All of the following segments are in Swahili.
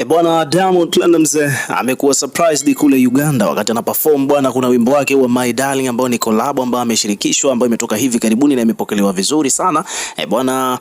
E bwana, Diamond Platnumz eh, amekuwa surprised kule Uganda wakati ana perform bwana. Kuna wimbo wake wa My Darling ambao ni collab ambayo ameshirikishwa ambayo imetoka hivi karibuni na imepokelewa vizuri sana e bwana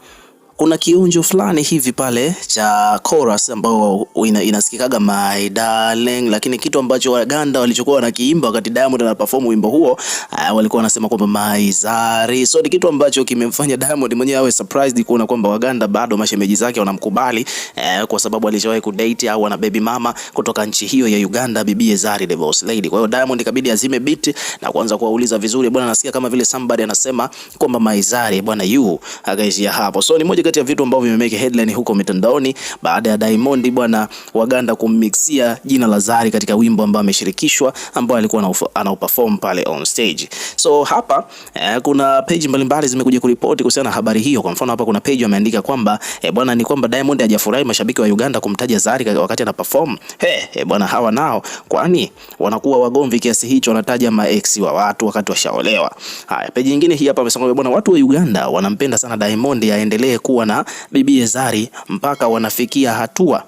kuna kionjo fulani hivi pale cha chorus ambao ina, inasikikaga my darling, lakini kitu ambacho Waganda walichokuwa wanakiimba wakati Diamond anaperform wimbo huo uh, walikuwa wanasema kwamba my zari. So ni kitu ambacho kimemfanya Diamond mwenyewe awe surprised kuona kwamba Waganda bado mashemeji zake wanamkubali uh, kwa sababu alishawahi kudate au ana baby mama kutoka nchi hiyo ya Uganda, bibi Zari the boss lady. Kwa hiyo Diamond ikabidi azime beat na kuanza kuwauliza vizuri, bwana, nasikia kama vile somebody anasema kwamba my zari bwana, you akaishia hapo. So ni moja kati ya vitu ambavyo vimemeke headline huko mitandaoni baada ya Diamond bwana Waganda kummixia jina la Zari katika wimbo ambao ameshirikishwa ambao alikuwa anauperform pale on stage. So hapa eh, kuna page mbalimbali zimekuja kuripoti kuhusiana na habari hiyo. Kwa mfano hapa kuna page ameandika kwamba eh, bwana ni kwamba Diamond hajafurahi mashabiki wa Uganda kumtaja Zari wakati ana perform. Hey, eh, bwana hawa nao kwani wanakuwa wagomvi kiasi hicho wanataja ma ex wa watu wakati washaolewa. Haya, page nyingine hii hapa amesema bwana watu wa Uganda wanampenda sana Diamond aendelee kuwa kuwa na Bibi Zari mpaka wanafikia hatua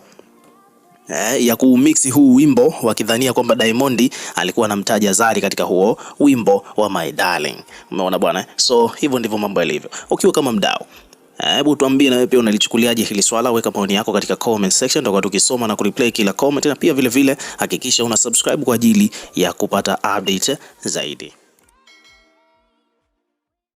eh, ya kuumiksi huu wimbo wakidhania kwamba Diamond alikuwa anamtaja Zari katika huo wimbo wa My Darling. Umeona bwana, eh? so hivyo ndivyo mambo yalivyo. Ukiwa kama mdau, eh, hebu tuambie na wewe pia unalichukuliaje hili swala. Weka maoni yako katika comment section, tutakuwa tukisoma na kureply kila comment, na pia vilevile hakikisha una subscribe kwa ajili ya kupata update zaidi.